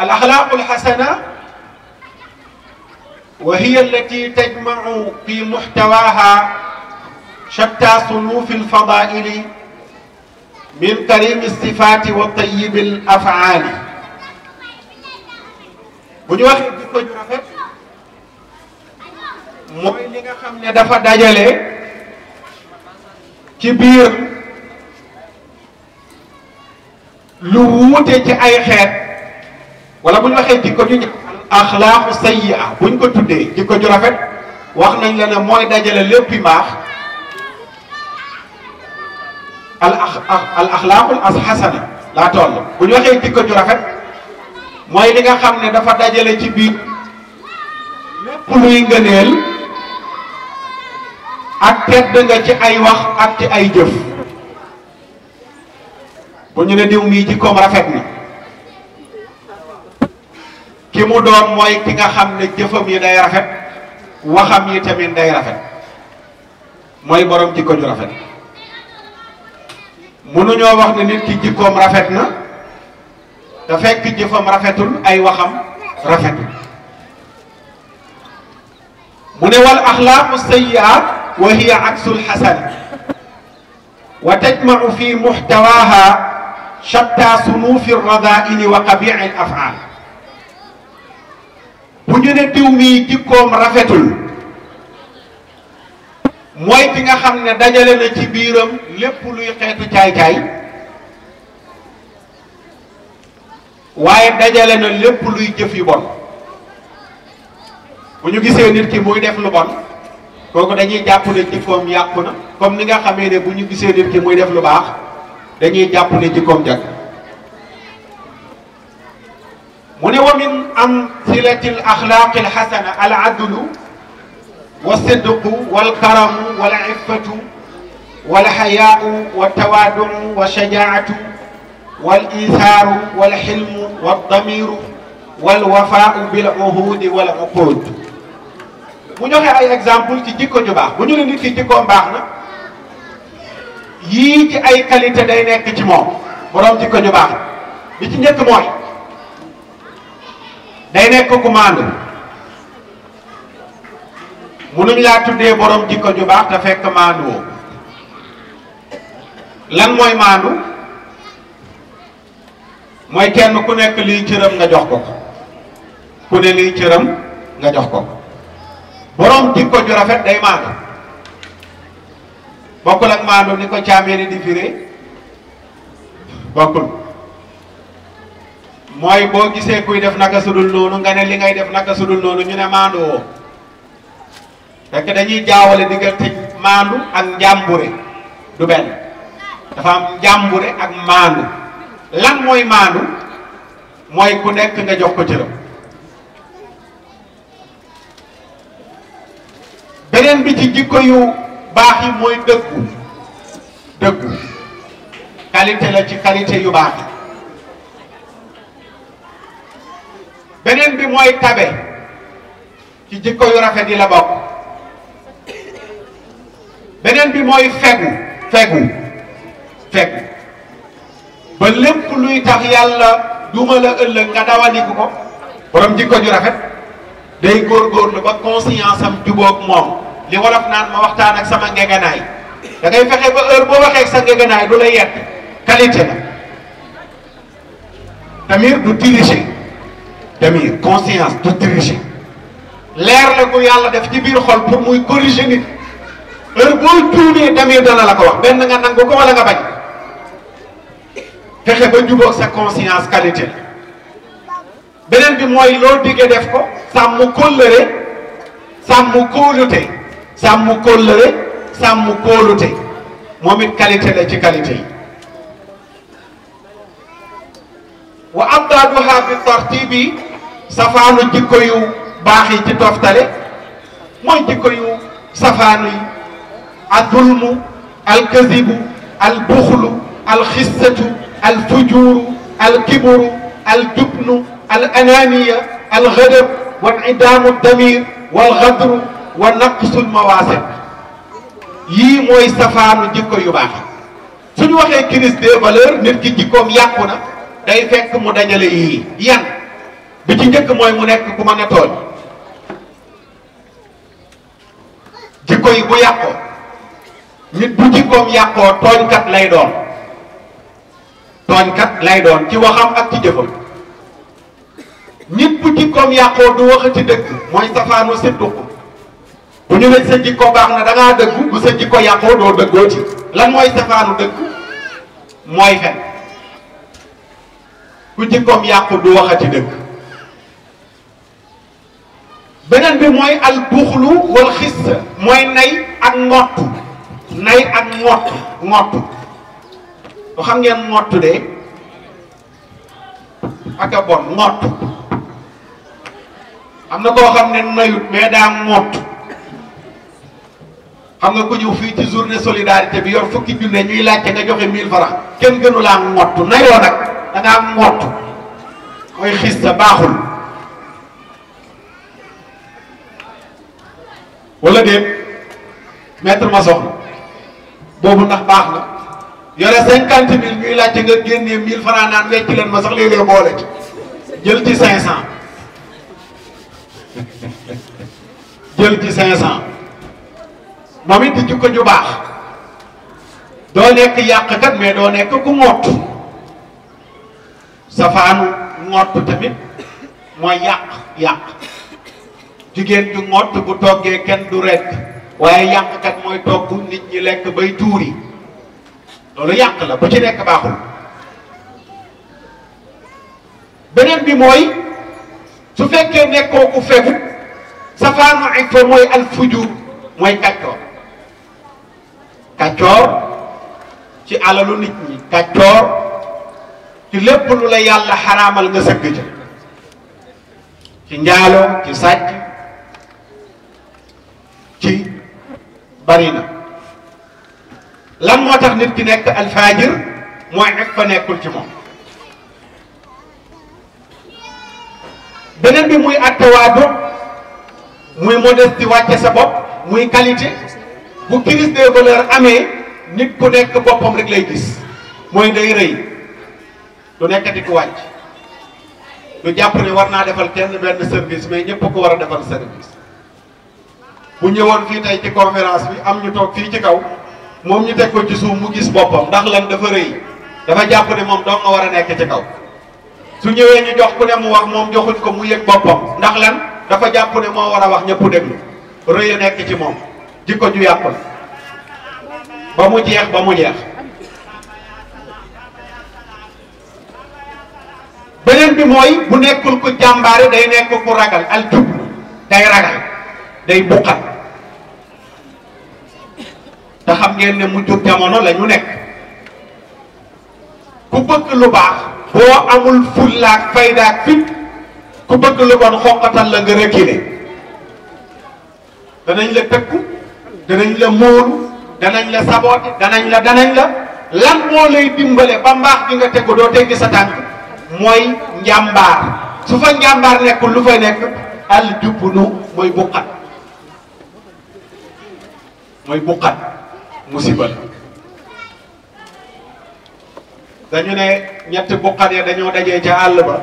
الأخلاق الحسنة وهي التي تجمع في محتواها شتى صنوف الفضائل من كريم الصفات وطيب الأفعال bu ñu waxee jikko ju rafet mooy li nga xam ne dafa dajale ci biir lu wuute ci ay xeet wala buñ ñu waxee jikko ju axlaaqu sayyi'a buñ ko tuddee jikko ju rafet wax nañ la ne mooy dajale lépp mbaax al al axlaaqul as xasana laa toll bu ñu waxee jikko ju rafet mooy li nga xam ne dafa dajale ci biir lépp luy ngëneel ak tedd nga ci ay wax ak ci ay jëf bu ñu ne diw mii jikkoom rafet ni ki mu doon mooy ki nga xam ne jëfam yi day rafet waxam yi tamit day rafet mooy borom jikko ju rafet mënuñoo wax ne nit ki jikkoom rafet na te fekk jëfam rafetul ay waxam rafet mu ne wal axlaaqu sayyi'at wa hiya aksul xasan wa tajmau fi muxtawaaha shatta sunuufi radaa'ini wa qabiici al bu ñu ne diw mii jikkoom rafetul mooy ki nga xam ne dajale na ci biiram lépp luy xeetu caay-caay waaye dajale na lépp luy jëf yu bon bu ñu gisee nit ki muy def lu bon kooku dañuy jàpp ne jikkoom yàqu na comme ni nga xamee ne bu ñu gisee nit ki muy def lu baax dañuy jàpp ne jikkoom jag mu ne wa min amthilati al axlaaqi al xasana al adlu wa sidqu wal karamu wal iffatu wal xayaau wa tawaaduu wa shajaatu wal isaaru wal xilmu wad damiru wal wafaau bil uhudi wal uqud mu joxe ay exemple ci jikko ju baax bu ñu ne nit ki jikkoom baax na yii ci ay qualité day nekk ci moom boroom jikko ju baax bi ci njëkk mooy day nekk ku maandu munuñ laa tuddee borom jikko ju baax te fekk maandu lan mooy maandu mooy kenn ku nekk liy cëram nga jox ko ko ku ne liy cëram nga jox ko ko borom jikko ju rafet day maandu bokkul ak maandu ni ko càmmee di firee bokkul mooy boo gisee kuy def naka sudul noonu nga ne li ngay def naka sudul noonu ñu ne maandu woo fekk dañuy jaawale diggante maandu ak njàmbure du benn dafa am njàmbure ak maandu lan mooy maandu mooy ku nekk nga jox ko ci cëram beneen bi ci jikko yu baax yi mooy dëggu dëggu qualité la ci qualité yu baax beneen bi mooy tabe ci jikko yu rafet yi la bokk beneen bi mooy fegu fegu fegu ba lépp luy tax yàlla duma la ëllëg nga dawaliku ko borom jikko ju rafet day góorgóorlu ba conscience am jubóog moom li wolof naan ma waxtaan ak sama ngegenaay da ngay fexe ba heure boo waxee sa ngegenaay du la yett qualité la tamit du tricher Jamil conscience du tricher leer la ko yàlla def ci biir xol pour muy corriger nit heure boo tuumee Damir dana la ko wax benn nga nangu ko wala nga bañ fexe ba jubóog sa conscience qualité la beneen bi mooy lool digg def ko sàmm kóllëre sàmm kóolute sàmm kóllëre sàmm kóolute moom it qualité la ci qualité yi wa abdaaduha bi tartibi safaanu jikko yu baax yi ci toftale mooy jikko yu safaanu yi adulmu alkazibu albuxlu alxissatu alfujuuru alkibru aljubnu alananiya alxadab wancidaamu damir walxadru wa naqsul mawaasib yii mooy safaanu jikko yu baax suñu waxee crise des jikkoom yàqu na day fekk mu dajale yii bi ci njëkk mooy mu nekk ku ma a tooñ jikko yi bu yàqoo nit bu jikkoom yàqoo tooñkat lay doon tooñkat lay doon ci waxam ak ci jëfam nit bu jikkoom yàqoo du wax ci dëgg mooy safaanu sidduq bu ñu ne sa jikko baax na da ngaa dëgg bu sa jikko yàqoo doo dëggoo ci lan mooy safaanu dëgg mooy fen bu jikkoom yàqu du wax ci dëgg beneen bi mooy al buxlu wal xis mooy nay ak ngott nay ak ngott ngott bu xam ngeen ngott de ak a bon ngott am na koo xam ne nayut mais daa ngott xam nga ku ñëw fii ci journée solidarité bi yor fukki junne ñuy laajte nga joxe 1000 francs kenn gënu laa ngott nayoo nag da ngaa ngott mooy xis sa baaxul wala déet maître ma soxna boobu ndax baax na yore cinquante mille ñuy laajte nga génnee mille francs naan leen ma sax léeg-léeg boole ci jël ci cinq cent jël ci cinq cent moom it di jukko ju baax doo nekk yàqkat mais doo nekk ku ngott safaanu ngott tamit mooy yàq yàq jigéen ju ngott bu toggee kenn du rekk waaye yàqkat mooy togg nit ñi lekk bay tuuri loolu yàq la bu ci nekk baaxul beneen bi mooy su fekkee nekkoo ku fegu safaanu iffa mooy alfujur mooy kàccoor kàccoor ci alalu nit ñi kàccoor ci lépp lu la yàlla xaraamal nga sëgg ca ci njaaloo ci sàcc bari na lan moo tax nit ki nekk alfaajir mooy ak fa nekkul ci moom beneen bi muy attawaadu muy modestie wàcce sa bopp muy qualité bu crise des valeurs amee nit ku nekk boppam rek lay gis mooy day rëy du nekkati ku wàcc du jàpp ne war naa defal kenn benn service mais ñëpp ko war a defal service bu ñëwoon fii tey ci conférence bi am ñu toog fii ci kaw moom ñu teg ko ci suuf mu gis boppam ndax lan dafa rëy dafa jàpp ne moom doo nga war a nekk ci kaw su ñëwee ñu jox ku ne mu wax moom joxuñ ko mu yëg boppam ndax lan dafa jàpp ne moo war a wax ñëpp déglu rëy a nekk ci moom jikko ju yàpp la ba mu jeex ba mu jeex beneen bi mooy bu nekkul ku jàmbaare day nekk ku ragal al jub day ragal day buqat te xam ngeen ne mu mujjug jamono la ñu nekk ku bëgg lu baax boo amul fullaak faydaak fit ku bëgg lu bon xoqatal la nga reculer danañ la tëkku danañ la móolu danañ la saboote danañ la danañ la lan moo lay dimbale ba mbaax gi nga tegu doo teggi sa tànk mooy njàmbaar su fa njàmbaar nekkul lu fa nekk al jubnu mooy buqat mooy buqat musiba la dañu ne ñetti buqat ya dañoo dajee ca àll ba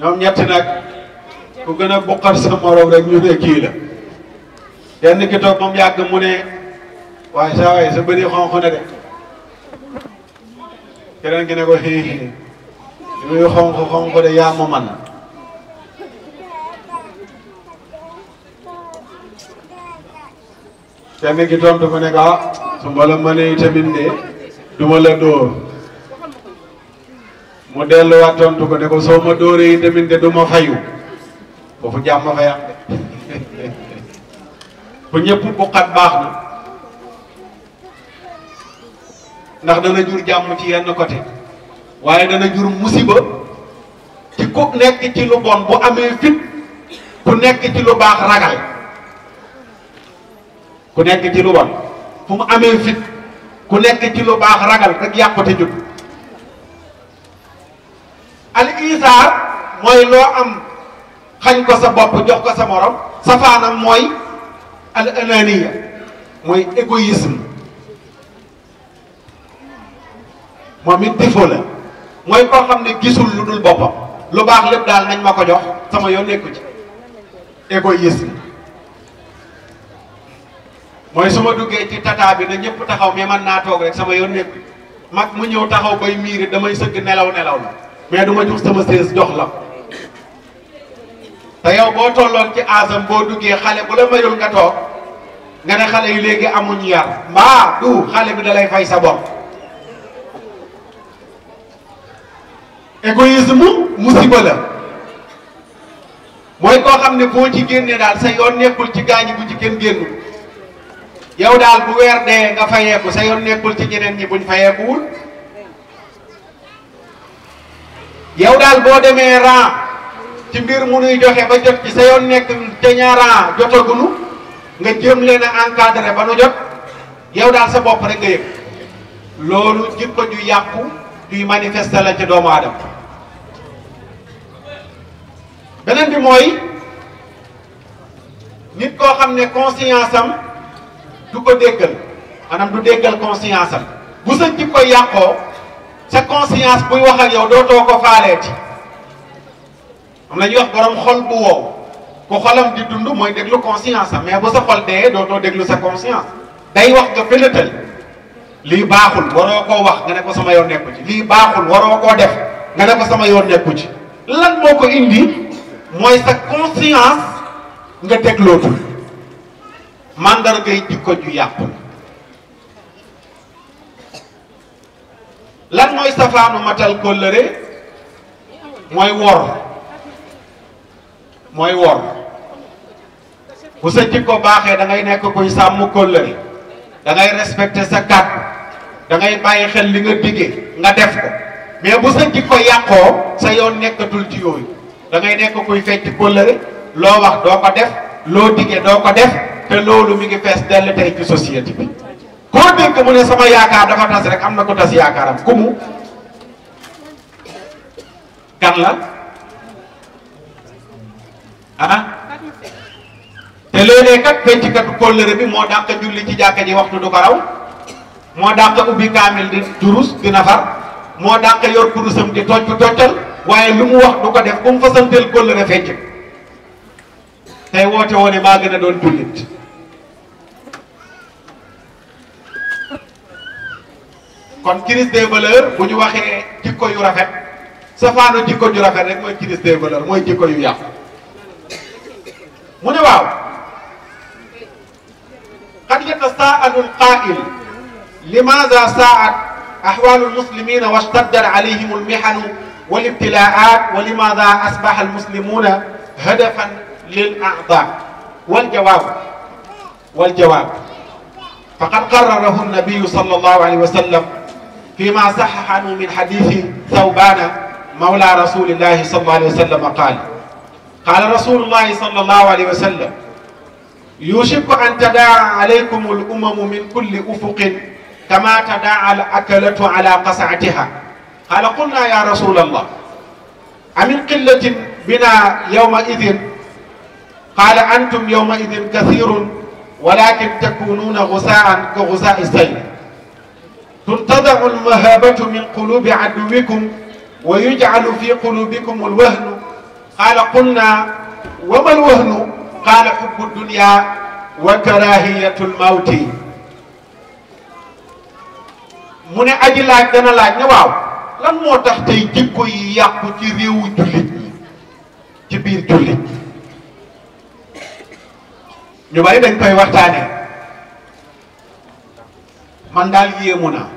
ñoom ñetti nag ku gën a buqat sa morom rek ñu ne kii la kenn ki toog moom yàgg mu ne waaye saa waay sa bëri xonq na de keneen ki ne ko xii xii li muy xonq xonq de yaa ma kenn ki tontu ko ne ko ah su ma la mënee tamit ne du la dóor mu delluwaat tontu ko ne ko soo ma dóoree tamit ne du ma fayu foofu jàmm fa yàq bu ñëpp buqat baax na ndax dana jur jàmm ci yenn côté waaye dana jur musiba ci ku nekk ci lu bon bu amee fit ku nekk ci lu baax ragal ku nekk ci lu bon fu mu amee fit ku nekk ci lu baax ragal rek yàqute jub al isaar mooy loo am xañ ko sa bopp jox ko sa morom safaanam mooy al ananiya mooy égoïsme moom it défaut la mooy koo xam ne gisul lu dul boppam lu baax lépp daal nañ ma ko jox sama yoon nekku ci égoïsme mooy su ma duggee ci tata bi na ñëpp taxaw mais man naa toog rek sama yoon nekk mag mu ñëw taxaw bay miiri damay sëgg nelaw nelaw la mais du ma jox sama sées jox la te yow boo tolloon ci aasam boo duggee xale bu la mayul nga toog nga ne xale yi léegi amuñu yar mbaa du xale bi dalay fay sa bopp égoïsme musiba la mooy koo xam ne boo ci génnee daal sa yoon nekkul ci gaañi bu ci kenn génn yow daal bu weer dee nga fayeeku sa yoon nekkul ci ñeneen ñi buñ fayeekuwul yow daal boo demee ran ci mbir mu nuy joxe ba jot ci sa yoon nekk ca ñaa ran jotagunu nga jëm leen a encadré ba nu jot yow daal sa bopp rek nga yëg loolu jikko ju yàqu duy manifester la ci doomu aadama beneen bi mooy nit koo xam ne conscience du ko déggal maanaam du déggal conscience am bu sa jikko yàqoo sa conscience buy wax ak yow too ko faaleeti am na ñuy wax borom xol bu wow ku xolam di dund mooy déglu conscience mais bu sa xol dee too déglu sa conscience day wax nga félatal lii baaxul waroo koo wax nga ne ko sama yoon nekku ci lii baaxul waroo koo def nga ne ko sama yoon nekku ci lan moo ko indi mooy sa conscience nga déglootul màndarga yi jikko ju yàqu lan mooy safaanu matal kóllëre mooy wor mooy wor bu sa jikko baaxee da ngay nekk koy sàmm kóllëre dangay ngay respecté sa kàddu dangay ngay bàyyi xel li nga diggee nga def ko mais bu sa jikko yàqoo sa yoon nekkatul ci yooyu da ngay nekk kuy fecc kóllëre loo wax doo ko def loo diggee doo ko def te loolu mi ngi fees dell tey ci société bi. koo dégg mu ne sama yaakaar dafa tas rek am na ko tas yaakaaram ku mu kan la ah te léeg-léeg kat penckatu kóllëre bi moo dàq julli ci jàkka ji waxtu du ko raw moo dàq ubbi kaamil di durus di nafar moo dàq yor kurusam di tocc toccal waaye lu mu wax du ko def ku mu fasanteel kóllëre fecc tey woote woo ne maa gën a doon jullit kon crise des valeurs bu ñu waxee jikko yu rafet safaano jikko ju rafet rek mooy crise des valeurs mooy jikko yu yàqu mu ne waaw qad yatasaa'alu al-qaa'il limaadha saa'at ahwaalu al-muslimiina wa ishtaddat alayhim al-mihanu wal-ibtilaa'aat wa limaadha asbaha al-muslimuuna hadafan lil a'daa wal jawaab wal jawaab faqad qarrarahu nabiyu sallallahu alayhi wa sallam فيما صح عنه من حديث ثوبان مولى رسول الله صلى الله عليه وسلم قال قال رسول الله صلى الله عليه وسلم يوشك أن تداعى عليكم الأمم من كل أفق كما تداعى الأكلة على قصعتها قال قلنا يا رسول الله أمن قلة بنا يومئذ qaala antum yawma idin kathirun walakin takunuuna gusaan ka gusaai sayl tuntadacu almahabatu min qulubi aduwikum wa yujcalu fi qulubikum alwahnu qaala qulna wama alwahnu qaala xubbu dunya wa karahiyatu almawti mu ne aji laaj dana laaj ne waaw lan moo tax tey jikko yi yàqu ci réewu jullit ñi ci biir jullit ñi ñu bari dañ koy waxtaane man daal yéemu naa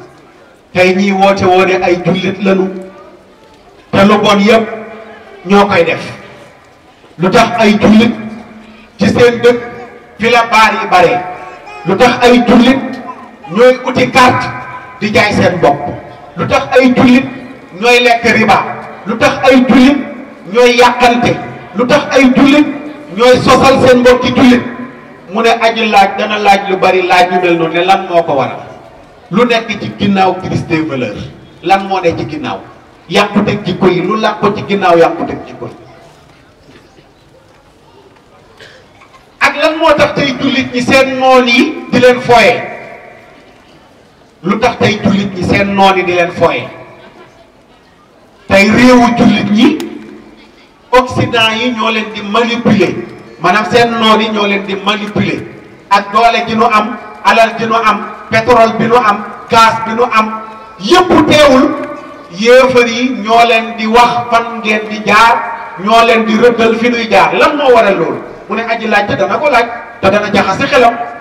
tey ñii woote woone ay jullit lanu te lu bon yëpp ñoo koy def lu tax ay jullit ci seen dëkk fi la baar bare lu tax ay jullit ñooy uti carte di jaay seen bopp lu tax ay jullit ñooy lekk riba lu tax ay jullit ñooy yàqante lu tax ay jullit ñooy sosal seen mbokki jullit mu ne aji laaj dana laaj lu bari laaj yu mel noonu ne lan moo ko waral lu nekk ci ginnaaw crise des lan moo ne ci ginnaaw yàquteg jikko yi lu làq ko ci ginnaaw yàquteg jikko yi ak lan moo tax tey jullit ñi seen noon yi di leen fooye lu tax tey jullit ñi seen noon yi di leen fooye tey réewu jullit ñi Occident yi ñoo leen di manipuler maanaam seen noon yi ñoo leen di manipuler ak doole ji nu am alal ji nu am pétrole bi nu am gaz bi nu am yëpp teewul yéefar yi ñoo leen di wax fan ngeen di jaar ñoo leen di rëddal fi nuy jaar lan moo waral loolu mu ne aji laaj te dana ko laaj te dana jaxase xelam